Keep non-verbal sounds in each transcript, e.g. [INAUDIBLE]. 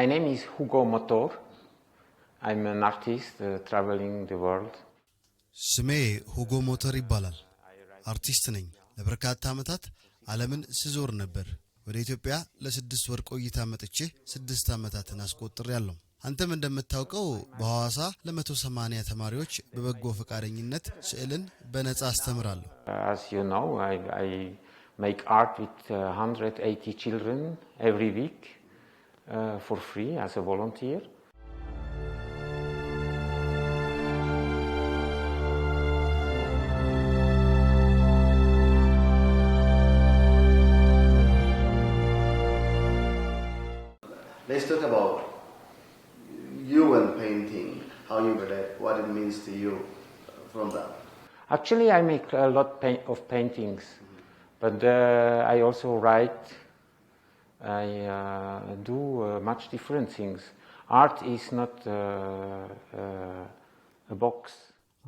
My name is Hugo Motor. I'm an artist uh, traveling the world. ስሜ ሁጎ ሞተር ይባላል። አርቲስት ነኝ። ለበርካታ ዓመታት ዓለምን ስዞር ነበር። ወደ ኢትዮጵያ ለስድስት ወር ቆይታ መጥቼ ስድስት ዓመታትን አስቆጥሬያለሁ። አንተም እንደምታውቀው በሐዋሳ ለመቶ ሰማንያ ተማሪዎች በበጎ ፈቃደኝነት ስዕልን በነጻ አስተምራለሁ። As you know, I, I make art with uh, 180 children every week. Eh, for free as a volunteer. Let's talk about you and painting, how you relate, what it means to you uh, from that. Actually, I make a lot of paintings, but uh, I also write I uh, do uh, much different things. Art is not uh, uh, a box.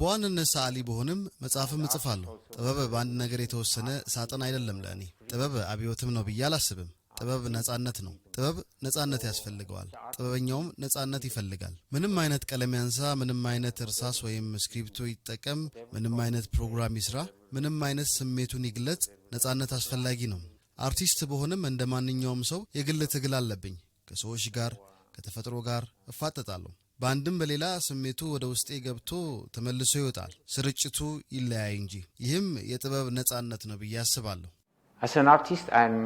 በዋንነት ሰዓሊ ብሆንም መጽሐፍም እጽፋለሁ። ጥበብ በአንድ ነገር የተወሰነ ሳጥን አይደለም። ለእኔ ጥበብ አብዮትም ነው ብዬ አላስብም። ጥበብ ነጻነት ነው። ጥበብ ነጻነት ያስፈልገዋል። ጥበበኛውም ነጻነት ይፈልጋል። ምንም አይነት ቀለም ያንሳ፣ ምንም አይነት እርሳስ ወይም ስክሪፕቶ ይጠቀም፣ ምንም አይነት ፕሮግራም ይስራ፣ ምንም አይነት ስሜቱን ይግለጽ፣ ነጻነት አስፈላጊ ነው። አርቲስት በሆንም እንደ ማንኛውም ሰው የግል ትግል አለብኝ። ከሰዎች ጋር፣ ከተፈጥሮ ጋር እፋጠጣለሁ። በአንድም በሌላ ስሜቱ ወደ ውስጤ ገብቶ ተመልሶ ይወጣል። ስርጭቱ ይለያይ እንጂ ይህም የጥበብ ነጻነት ነው ብዬ አስባለሁ። አስ አን አርቲስት አይም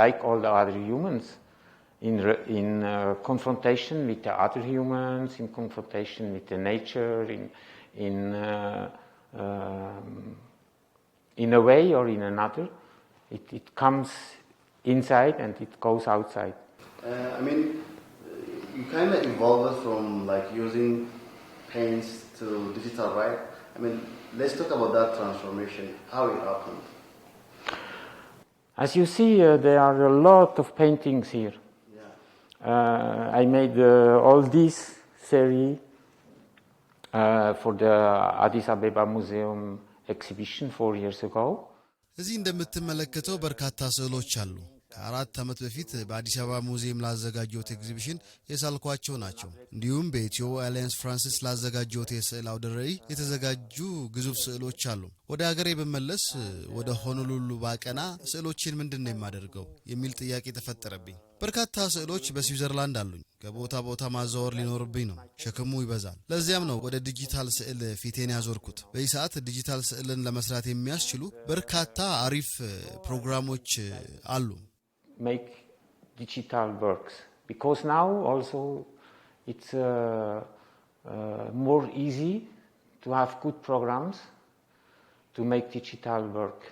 ላይክ ኦል ዘ አዘር ሂውመንስ ኢን ኮንፍሮንቴሽን ዊዝ አዘር ሂውመንስ ኢን ኮንፍሮንቴሽን ዊዝ ኔቸር ኢን አ ዌይ ኦር ኢን አናዘር it, it comes inside and it goes outside. Uh, I mean, uh, you kind of evolved from like using paints to digital, right? I mean, let's talk about that transformation, how it happened. As you see, uh, there are a lot of paintings here. Yeah. Uh, I made uh, all this series uh, for the Addis Ababa Museum exhibition four years ago. እዚህ እንደምትመለከተው በርካታ ስዕሎች አሉ። ከአራት ዓመት በፊት በአዲስ አበባ ሙዚየም ላዘጋጀሁት ኤግዚቢሽን የሳልኳቸው ናቸው። እንዲሁም በኢትዮ አሊያንስ ፍራንሲስ ላዘጋጀሁት የስዕል አውደ ርዕይ የተዘጋጁ ግዙፍ ስዕሎች አሉ። ወደ ሀገሬ ብመለስ ወደ ሆኖሉሉ ባቀና ስዕሎችን ምንድን ነው የማደርገው የሚል ጥያቄ ተፈጠረብኝ። በርካታ ስዕሎች በስዊዘርላንድ አሉኝ። ከቦታ ቦታ ማዛወር ሊኖርብኝ ነው፣ ሸክሙ ይበዛል። ለዚያም ነው ወደ ዲጂታል ስዕል ፊቴን ያዞርኩት። በዚህ ሰዓት ዲጂታል ስዕልን ለመስራት የሚያስችሉ በርካታ አሪፍ ፕሮግራሞች አሉ። ዲጂታል ወርክስ ቢኮዝ ናው ኦልሶ ኢትስ ሞር ኢዚ ቱ ሃቭ ጉድ ፕሮግራምስ ቱ ሜክ ዲጂታል ወርክ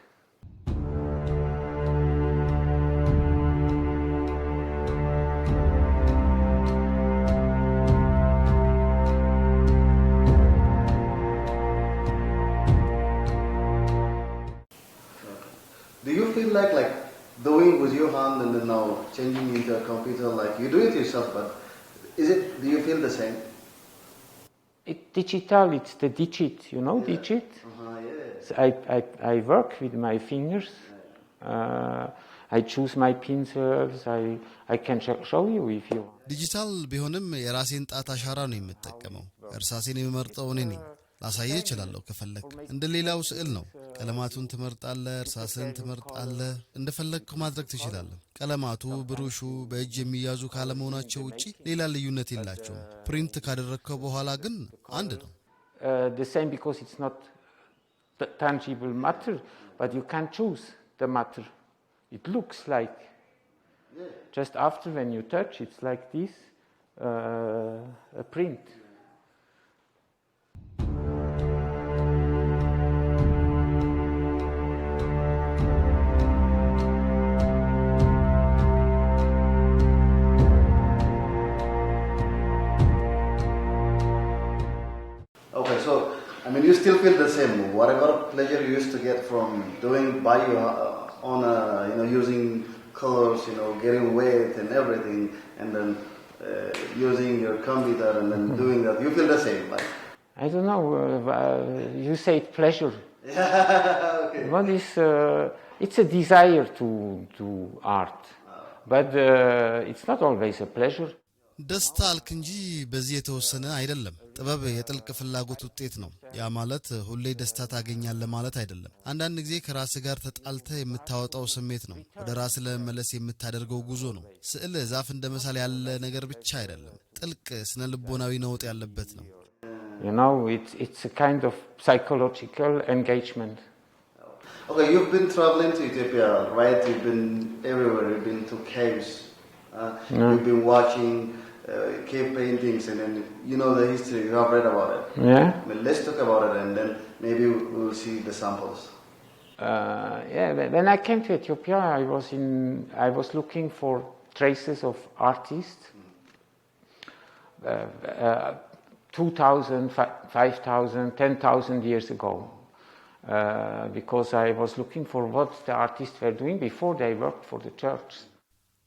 now changing into a computer like you do it yourself, but is it, do you feel the same? It digital, it's the digit, you know, yeah. digit. Uh-huh, I, I, I work with my fingers. Uh, I choose my pincers. I, I can show you if you want. ዲጂታል ቢሆንም የራሴን ጣት አሻራ ነው የምጠቀመው። እርሳሴን የምመርጠው እኔ ነኝ። ላሳየ እችላለሁ ከፈለግ። እንደ ሌላው ስዕል ነው። ቀለማቱን ትመርጣለ፣ እርሳስን ትመርጣለ እንደፈለግከው ማድረግ ትችላለ ቀለማቱ ብሩሹ በእጅ የሚያዙ ካለመሆናቸው ውጪ ሌላ ልዩነት የላቸውም። ፕሪንት ካደረግከው በኋላ ግን አንድ ነው። ፕሪንት And you still feel the same, whatever pleasure you used to get from doing by your uh, own, uh, you know, using colors, you know, getting wet and everything, and then uh, using your computer and then mm-hmm. doing that. You feel the same, like. I don't know. Uh, uh you say pleasure. [LAUGHS] okay. What is? Uh, it's a desire to to art, ah. but uh, it's not always a pleasure. ደስታ አልክ እንጂ በዚህ የተወሰነ አይደለም። ጥበብ የጥልቅ ፍላጎት ውጤት ነው። ያ ማለት ሁሌ ደስታ ታገኛለ ማለት አይደለም። አንዳንድ ጊዜ ከራስ ጋር ተጣልተ የምታወጣው ስሜት ነው። ወደ ራስ ለመመለስ የምታደርገው ጉዞ ነው። ስዕል ዛፍ እንደ መሳል ያለ ነገር ብቻ አይደለም። ጥልቅ ስነ ልቦናዊ ነውጥ ያለበት ነው። Okay, Uh, yeah. We've been watching uh, cave paintings, and then you know the history. You have read about it. Yeah. let's talk about it, and then maybe we'll see the samples. Uh, yeah. When I came to Ethiopia, I was in. I was looking for traces of artists. Mm. Uh, uh, 2,000, 5,000, 10,000 years ago. Uh, because I was looking for what the artists were doing before they worked for the church.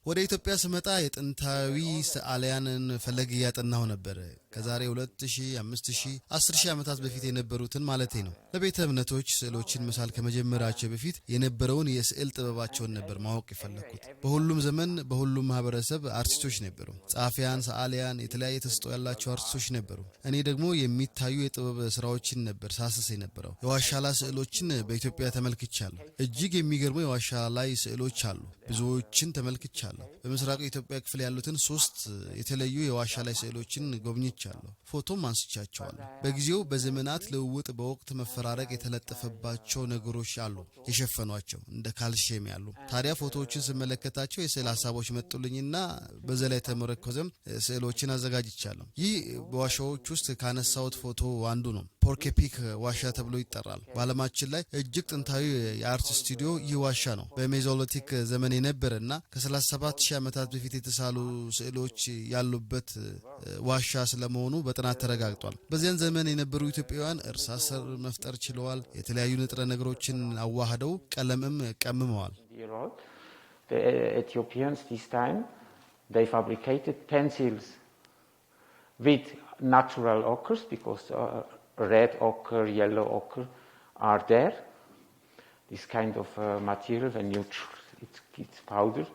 ወደ ኢትዮጵያ ስመጣ የጥንታዊ ሰዓሊያንን ፈለግ እያጠናሁ ነበር። ከዛሬ 2000፣ 5000፣ 10000 ዓመታት በፊት የነበሩትን ማለቴ ነው። ለቤተ እምነቶች ስዕሎችን መሳል ከመጀመራቸው በፊት የነበረውን የስዕል ጥበባቸውን ነበር ማወቅ የፈለግኩት። በሁሉም ዘመን በሁሉም ማህበረሰብ አርቲስቶች ነበሩ። ጻፊያን፣ ሰዓሊያን፣ የተለያየ ተስጦ ያላቸው አርቲስቶች ነበሩ። እኔ ደግሞ የሚታዩ የጥበብ ስራዎችን ነበር ሳስስ የነበረው። የዋሻላ ስዕሎችን በኢትዮጵያ ተመልክቻለሁ። እጅግ የሚገርሙ የዋሻ ላይ ስዕሎች አሉ። ብዙዎችን ተመልክቻለሁ። በምስራቅ ኢትዮጵያ ክፍል ያሉትን ሶስት የተለዩ የዋሻ ላይ ስዕሎችን ጎብኝቻ አንስቻለሁ፣ ፎቶም አንስቻቸዋለሁ። በጊዜው በዘመናት ልውውጥ በወቅት መፈራረቅ የተለጠፈባቸው ነገሮች አሉ የሸፈኗቸው እንደ ካልሽም ያሉ። ታዲያ ፎቶዎችን ስመለከታቸው የስዕል ሀሳቦች መጡልኝና በዛ ላይ የተመረኮዘም ስዕሎችን አዘጋጅቻለሁ። ይህ በዋሻዎች ውስጥ ካነሳሁት ፎቶ አንዱ ነው። ፖርኬፒክ ዋሻ ተብሎ ይጠራል። በዓለማችን ላይ እጅግ ጥንታዊ የአርት ስቱዲዮ ይህ ዋሻ ነው። በሜዞሎቲክ ዘመን የነበረ እና ከ37 ሺህ ዓመታት በፊት የተሳሉ ስዕሎች ያሉበት ዋሻ ስለመሆኑ በጥናት ተረጋግጧል። በዚያን ዘመን የነበሩ ኢትዮጵያውያን እርሳስ መፍጠር ችለዋል። የተለያዩ ንጥረ ነገሮችን አዋህደው ቀለምም ቀምመዋል። ፔንሲልስ ናቹራል red ochre, yellow ochre are there. This kind of uh, material, when you it, it's powder.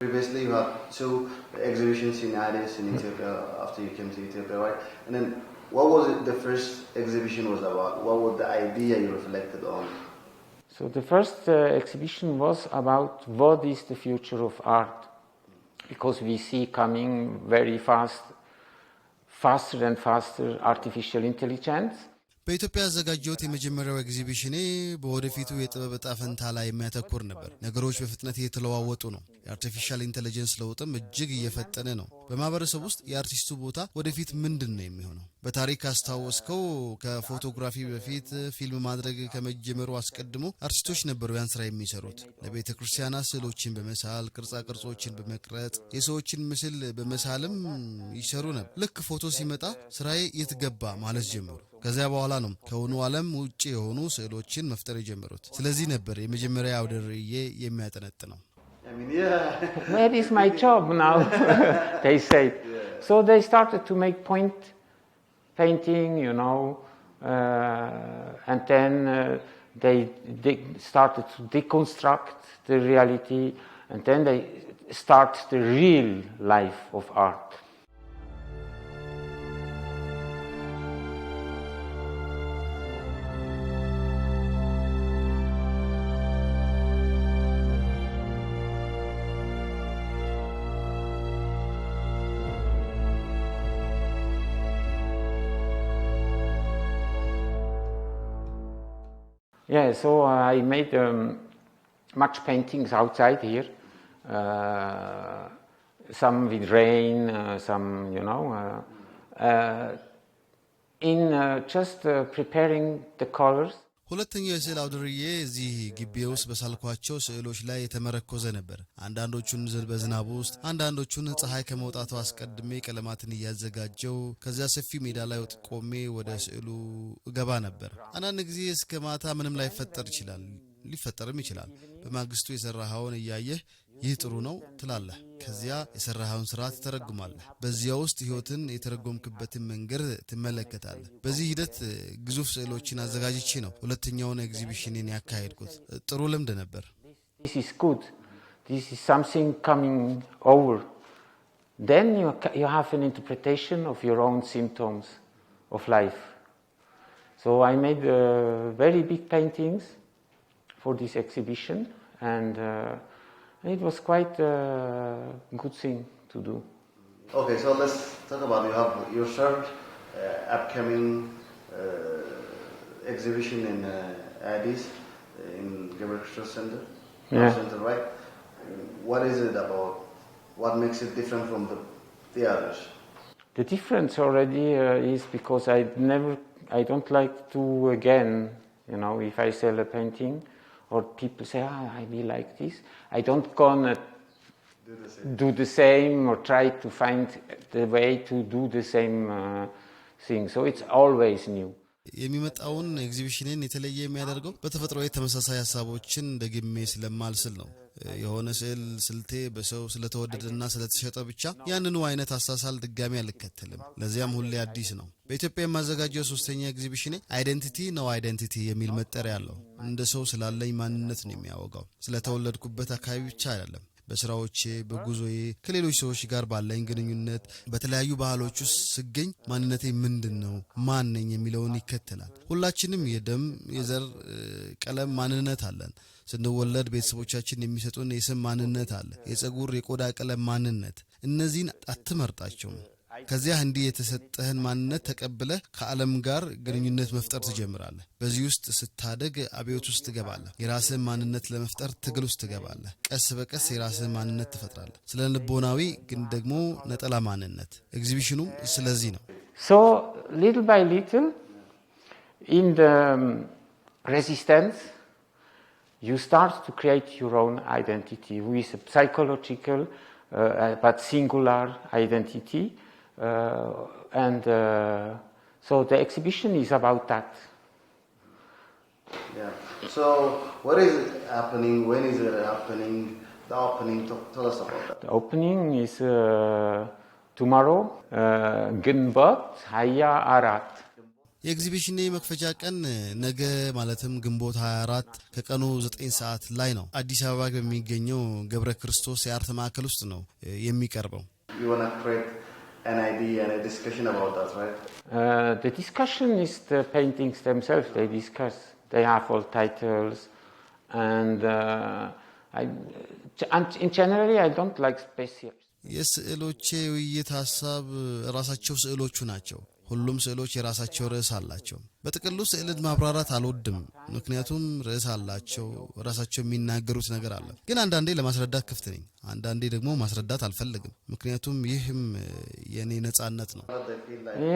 Previously, we had two exhibitions in Addis in Ethiopia after you came to Ethiopia, right? And then what was it the first exhibition was about? What was the idea you reflected on? So the first uh, exhibition was about what is the future of art, because we see coming very fast, faster and faster artificial intelligence. በኢትዮጵያ ያዘጋጀሁት የመጀመሪያው ኤግዚቢሽኔ በወደፊቱ የጥበብ እጣ ፈንታ ላይ የሚያተኩር ነበር። ነገሮች በፍጥነት እየተለዋወጡ ነው። የአርቲፊሻል ኢንቴሊጀንስ ለውጥም እጅግ እየፈጠነ ነው። በማህበረሰብ ውስጥ የአርቲስቱ ቦታ ወደፊት ምንድን ነው የሚሆነው? በታሪክ አስታወስከው፣ ከፎቶግራፊ በፊት ፊልም ማድረግ ከመጀመሩ አስቀድሞ አርቲስቶች ነበሩ ያን ስራ የሚሰሩት። ለቤተ ክርስቲያናት ስዕሎችን በመሳል ቅርጻ ቅርጾችን በመቅረጽ የሰዎችን ምስል በመሳልም ይሰሩ ነበር። ልክ ፎቶ ሲመጣ ስራዬ የት ገባ ማለት ጀመሩ። ከዚያ በኋላ ነው ከሆኑ ዓለም ውጭ የሆኑ ስዕሎችን መፍጠር የጀመሩት። ስለዚህ ነበር የመጀመሪያ አውደ ርዕዬ የሚያጠነጥ ነው። ሪያሊቲ Yeah, so uh, I made um, much paintings outside here. Uh, some with rain, uh, some, you know, uh, uh, in just preparing the colors. ሁለተኛው የስዕል አውድርዬ እዚህ ግቢ ውስጥ በሳልኳቸው ስዕሎች ላይ የተመረኮዘ ነበር። አንዳንዶቹን በዝናብ ውስጥ፣ አንዳንዶቹን ፀሐይ ከመውጣቱ አስቀድሜ ቀለማትን እያዘጋጀው ከዚያ ሰፊ ሜዳ ላይ ወጥ ቆሜ ወደ ስዕሉ እገባ ነበር። አንዳንድ ጊዜ እስከ ማታ ምንም ላይፈጠር ይችላል፣ ሊፈጠርም ይችላል። በማግስቱ የሰራኸውን እያየህ ይህ ጥሩ ነው ትላለህ። ከዚያ የሰራኸውን ስራ ትተረጉማለህ። በዚያ ውስጥ ህይወትን የተረጎምክበትን መንገድ ትመለከታለህ። በዚህ ሂደት ግዙፍ ስዕሎችን አዘጋጅቼ ነው ሁለተኛውን ኤግዚቢሽንን ያካሄድኩት። ጥሩ ልምድ ነበር። ስ It was quite a uh, good thing to do. Okay, so let's talk about you have your third uh, upcoming uh, exhibition in uh, Addis in Geberkristo Center, yeah. Center, right? What is it about? What makes it different from the, the others? The difference already uh, is because I never, I don't like to again, you know, if I sell a painting, or people say, ah, I be like this. I don't gonna do the same, do the same or try to find the way to do the same uh, thing. So it's always new. የሚመጣውን ኤግዚቢሽንን የተለየ የሚያደርገው በተፈጥሮ ሀሳቦችን ደግሜ ስለማልስል ነው። የሆነ ስዕል ስልቴ በሰው ስለተወደደና ስለተሸጠ ብቻ ያንኑ አይነት አሳሳል ድጋሚ አልከተልም። ለዚያም ሁሌ አዲስ ነው። በኢትዮጵያ የማዘጋጀው ሶስተኛ ኤግዚቢሽኔ አይደንቲቲ ነው አይደንቲቲ የሚል መጠሪያ አለው። እንደ ሰው ስላለኝ ማንነት ነው የሚያወጋው። ስለተወለድኩበት አካባቢ ብቻ አይደለም በስራዎቼ፣ በጉዞዬ፣ ከሌሎች ሰዎች ጋር ባለኝ ግንኙነት፣ በተለያዩ ባህሎች ውስጥ ስገኝ ማንነቴ ምንድን ነው፣ ማን ነኝ የሚለውን ይከተላል። ሁላችንም የደም የዘር ቀለም ማንነት አለን። ስንወለድ ቤተሰቦቻችን የሚሰጡን የስም ማንነት አለ፣ የፀጉር የቆዳ ቀለም ማንነት። እነዚህን አትመርጣቸውም። ከዚያ እንዲህ የተሰጠህን ማንነት ተቀብለህ ከዓለም ጋር ግንኙነት መፍጠር ትጀምራለህ። በዚህ ውስጥ ስታደግ አብዮት ውስጥ ትገባለህ። የራስህን ማንነት ለመፍጠር ትግል ውስጥ ትገባለህ። ቀስ በቀስ የራስህን ማንነት ትፈጥራለህ። ስለ ልቦናዊ ግን ደግሞ ነጠላ ማንነት። ኤግዚቢሽኑም ስለዚህ ነው። ሶ ሊትል ባይ ሊትል ኢን ሬዚስተንስ you start to create your own አይደንቲቲ። uh, and uh, so the exhibition is about that. Yeah. So what is it happening? When is it happening? The opening. Talk, Tell us about that. The opening is uh, tomorrow. Uh, Haya Arat. አራት የኤግዚቢሽን መክፈቻ ቀን ነገ ማለትም ግንቦት 24 ከቀኑ 9 ሰዓት ላይ ነው። አዲስ አበባ በሚገኘው ገብረ ክርስቶስ የአርት ማዕከል ውስጥ ነው የሚቀርበው። an idea and a discussion about that, right? Uh, the discussion is the paintings themselves. They discuss. They have all titles, and uh, I, and in generally, I don't like spaceships. የስዕሎቼ ውይይት ሀሳብ ራሳቸው ስዕሎቹ ናቸው። ሁሉም ስዕሎች የራሳቸው ርዕስ አላቸው። በጥቅሉ ስዕልን ማብራራት አልወድም፣ ምክንያቱም ርዕስ አላቸው፣ ራሳቸው የሚናገሩት ነገር አለ። ግን አንዳንዴ ለማስረዳት ክፍት ነኝ፣ አንዳንዴ ደግሞ ማስረዳት አልፈልግም፣ ምክንያቱም ይህም የእኔ ነጻነት ነው።